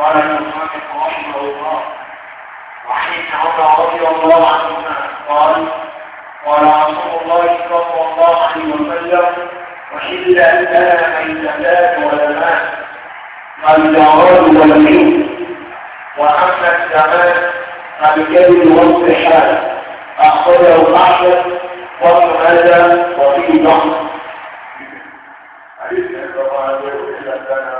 قال المصنف رحمه الله وعن ابن عمر رضي الله عنهما قال قال رسول الله صلى الله عليه وسلم وحل لنا من ميتتان ولمان والجراد والحين واما الزمان فبكلم والسحاب اخرجه احمد وابن ماجه وفيه نصر حديث عند الله عز وجل كان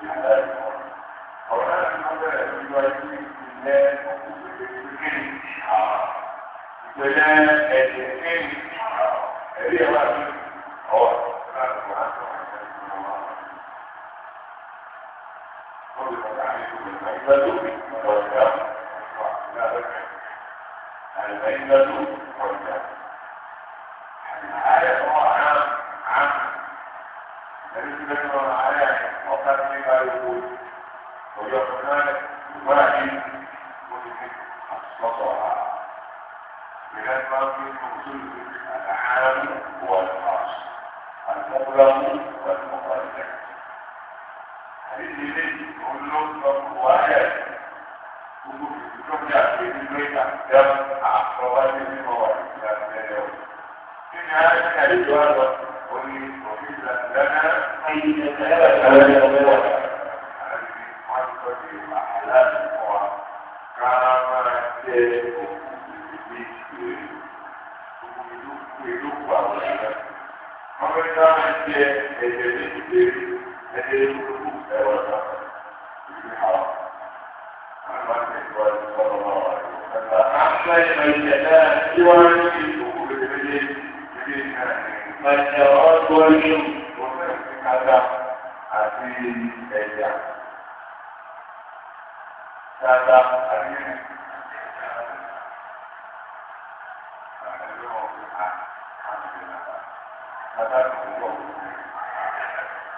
ìpínlẹ̀ ẹ̀dínkìn ẹ̀rí ẹ̀wà tuntun. أصلها لنفهم من الحال والخاص المبلغ والمقلد حديث الذي كل نطق وآيات ترجع في البيت دم عقربات الموارد في اليوم في نهاية الحديث هذا قل لنا أي نتابع على الأمور على المحطة الأحلام jẹ́ òkú ìdí ìwé òkú ìlúkù àwọn ẹ̀rọ. Wọ́n fẹ́ ká jẹ ẹ̀jẹ̀ ní ìbéèrè ẹ̀jẹ̀ ìlúkù ẹ̀rọ náà. أحسن الكلام سوى من يراد وليم وفتحة عزيز الجاه. هذا أمين àtàkì púpọ̀.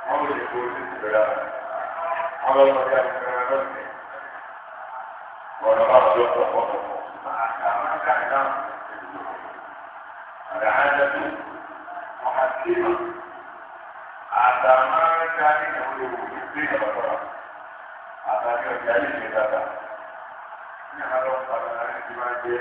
Wọ́n lè lè borí ìtura. Wọ́n lọ sọ́jà ìtura lọ́sẹ̀. Wọ́n lọ bá wọn lọ sọ́kọ̀. Àtàwọn akáyọ̀ náà. Àdáhàjẹ́ tó. Wọ́n á ti lọ. Àtàwọn akáyọ̀ náà lè wò ó sí ìjọba. Àtàwọn ọjà yìí lè dàgbà. Ní àlọ́ pàtàkì máa jẹ́.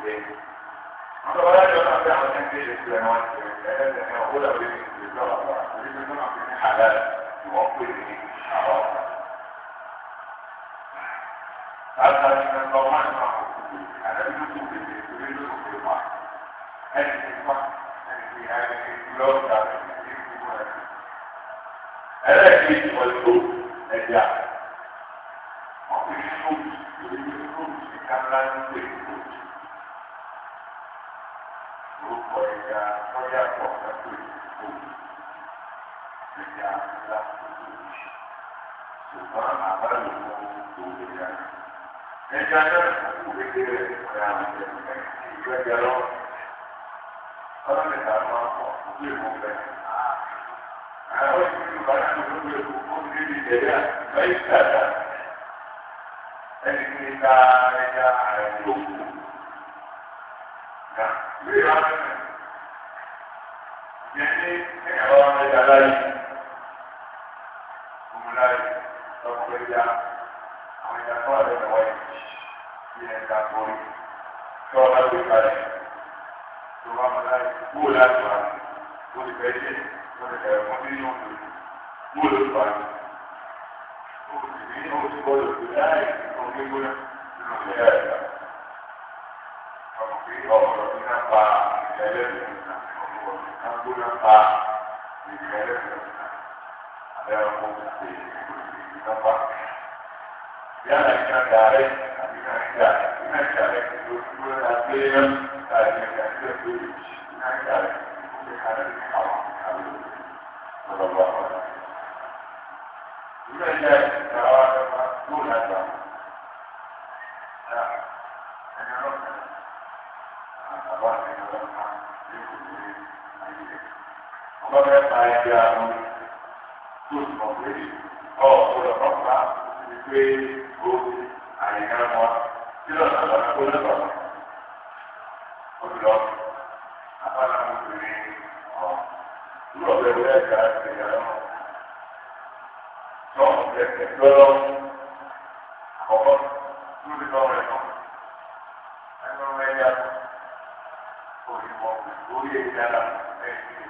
ازاي انا بقى لو انا بعمل كان في الاسلامات الاسلامات انا بقول اقول لك حلال يوقف لي حرام هذا من الضمان انا بيوصل بالبيت في البحر انا في البحر انا في هذا البلوك على البيت انا اكيد والكل نجاح cosa quindi vediamo l'atto 12 sul Panamata dove nel genere fu vedere veramente il regalo allora ne parlo un po' due conferenze allora quindi parlando proprio con un desiderio ma è stata è diventata è già è giù Grazie. yẹni ẹ̀yà bá wọn lẹ́jà láyé ọmọ láyé lọ́kọ̀ ẹ̀yà àwọn ẹ̀yà tó wà lẹ́nu wáyé bí ẹ̀ka borí tó ọ̀la gbé kalẹ̀ tó wà mọ́ láyé wó láti wá ó ti fẹ́ ṣe ó ti fẹ́ fún bí yóò fi wó ló fà á ó sì ní ó ti gbọ́dọ̀ tó láyé ó ń gbégbóná nínú ìlera ẹ̀ka ọmọ pé ọmọ rẹ̀ ní ká pa ìlẹ́lẹ́dùn. ambulans pak di ada yang tempat tidak yang yang lọ́fẹ́ pa ẹgbẹ́ àrùn tó ti mọ̀ pé ọ̀ gbọ́dọ̀ kọ́ pa ti pé o àyíká wọn tí lọ́nà lọ́nà tó lọ́nà wọn. Olùlọ abala obìnrin ọ̀ lúlọ̀ bẹ wọlé ẹ̀ka ìgbéga lọ́wọ́. Tọ́ ẹ̀kẹ́ lọ́lọ́ àkọ́kọ́ tó ti lọ́wọ́ ẹ̀ náà. Ẹnu ẹ̀yà òyìnbó orí ẹ̀yà ẹ̀yìn.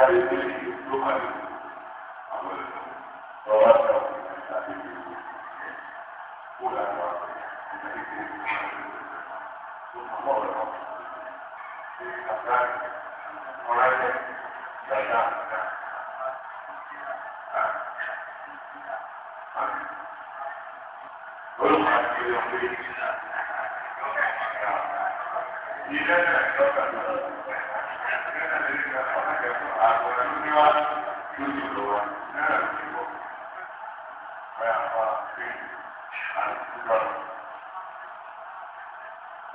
kárí pé ló kàn ní. tiwa yóò ti lọ wa náírà ló ti bọ̀ báyà ń fa pé àìsí lọ́nà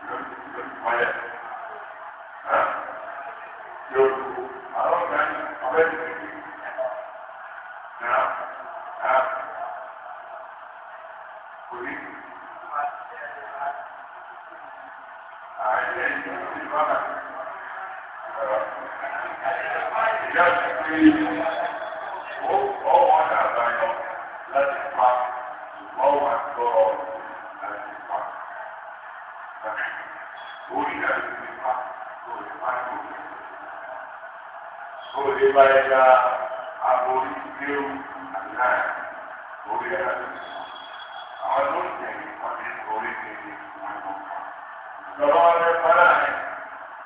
yóò ti lọ sí mọ́lẹ̀ yóò lu àwọn ọ̀gá ní ọ̀bẹ ti fi di náà náà kò ní. Àìsí ẹ̀yìn ló ti bá bàtà láti pé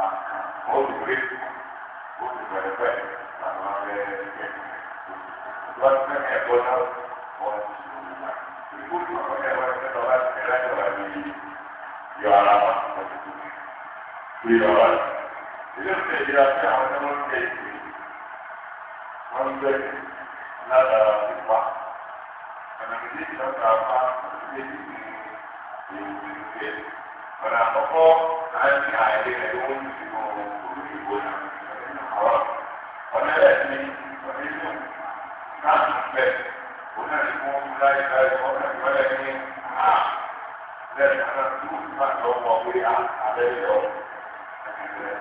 kan ó ti gbé ó ti bẹ̀rẹ̀ bẹ́ẹ̀ àwọn ọ̀rẹ́ ẹ̀jẹ̀ lọ́sẹ̀ ẹ̀gbọ́n náà wọ́n ti sùn nígbà ìlú ìgbàgbọ́ ẹ̀wọ̀n ẹ̀jẹ̀ lọ́wọ́ ẹ̀jẹ̀ láti wà ní yọ ara wọn wọ́n ti sùn ní ọ̀nà àkọ́kọ́ àti àìlè ẹ̀dọ́ ń ti mọ òbí ìgbóná ọ̀rọ̀ ọ̀nà ẹ̀sìn ọ̀nà ìlú láti bẹ̀ ọ̀nà ìfún láyé láyé ọ̀nà ìfọ́lẹ̀ ní à lẹ́yìn ọ̀nà tó ń bá lọ wọ pé abẹ́ yọ ẹ̀ẹ́dẹ́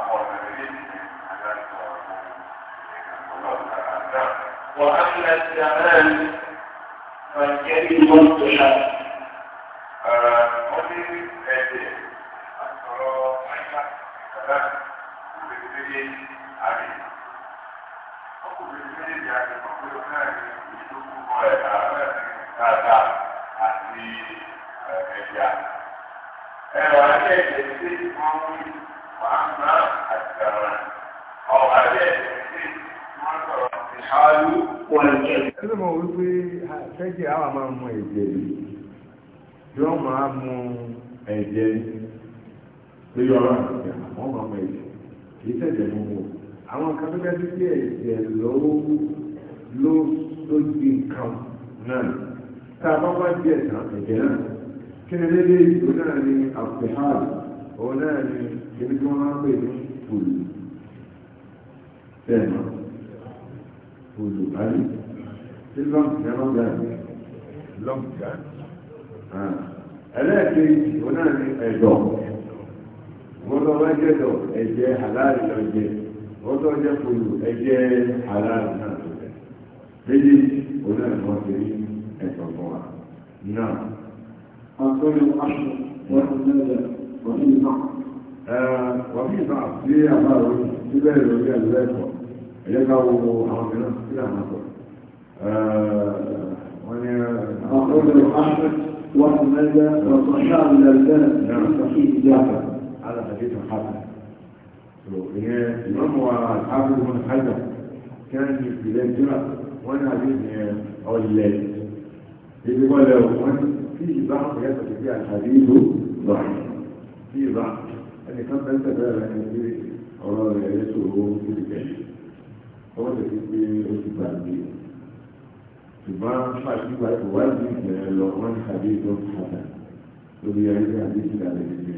àwọn ọ̀nà ìlú àdáńtò àwọn ọ̀nà àdáńtò. وأما الزمان فالكريم báyìí ìgbésílẹ̀ àyè ọkùnrin méjèèjì àti ọkùnrin náà ní ìdókòwò ẹ̀ka ẹ̀ka àti ẹ̀yà ẹ̀rọ alẹ́ ẹ̀sẹ̀ wọ́n fi wàá ná àtìkàrà ọ̀rọ̀ alẹ́ ẹ̀sẹ̀ wọ́n sọ̀rọ̀ ìhàlú wọn ní. ẹgbẹ́ mọ̀ wípé àtẹ́jì àwọn máa wọ́n máa mọ ẹ̀jẹ̀ kì í tẹ̀jẹ̀ mú wọn àwọn kan tó dájú pé ẹ̀jẹ̀ lọ́wọ́ ló ló di nǹkan náà tá a bá wá díẹ̀ tán ẹ̀jẹ̀ náà kí ni lédè ìlú náà ní àpèhàn òun náà ní ibi tí wọ́n máa ń pè ní fùlù bẹ́ẹ̀ náà fùlù báyìí tí lọ́ọ̀kì náà lọ́ọ̀gá mi lọ́ọ̀gá ẹlẹ́ẹ̀kejì òun náà ní ẹ̀dọ̀. wọ́n tó wá jẹ́ tọ̀ ẹ̀jẹ̀ halali lọ jẹ wọ́n tó jẹ́ fòlù ẹ̀jẹ̀ halali náà tó jẹ méjì òun náà kọ́ sí ẹ̀sọ̀ fún wa náà. àtọ́lẹ̀ aṣọ wọn ti lẹ́yìn wọ́n ti bá. wọ́n ti bá sí àbáwọ̀ síbẹ̀ lórí ẹ̀lẹ́kọ̀ọ́ ẹ̀jẹ̀ ká wo àwọn mìíràn sílẹ̀ àmọ́ sọ. wọ́n ní àtọ́lẹ̀ aṣọ wọn ti lẹ́yìn wọ́n ti bá. هذا حديث حسن الإمام الحافظ بن حجر كان في بلاد جمع وأنا حديث أولاد اللي هو لو فيه بعض يثبت فيها الحديث ضعيف فيه بعض أني يعني كان أنت بقى أولاد يعني وهو في الكشف هو اللي في الكتاب ṣùgbọ́n ṣàṣìgbà ìwádìí ìṣẹ̀lẹ̀ lọ wọ́n ní àbí ìjọ fún ọ̀tà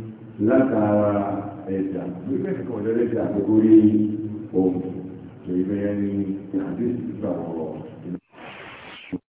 látara ẹ̀dà wípé kọ̀ọ̀dẹ́rẹ́dà gbogbo rí ohun tó ìbẹ̀yẹ ní àdéhùn ìgbà wọ̀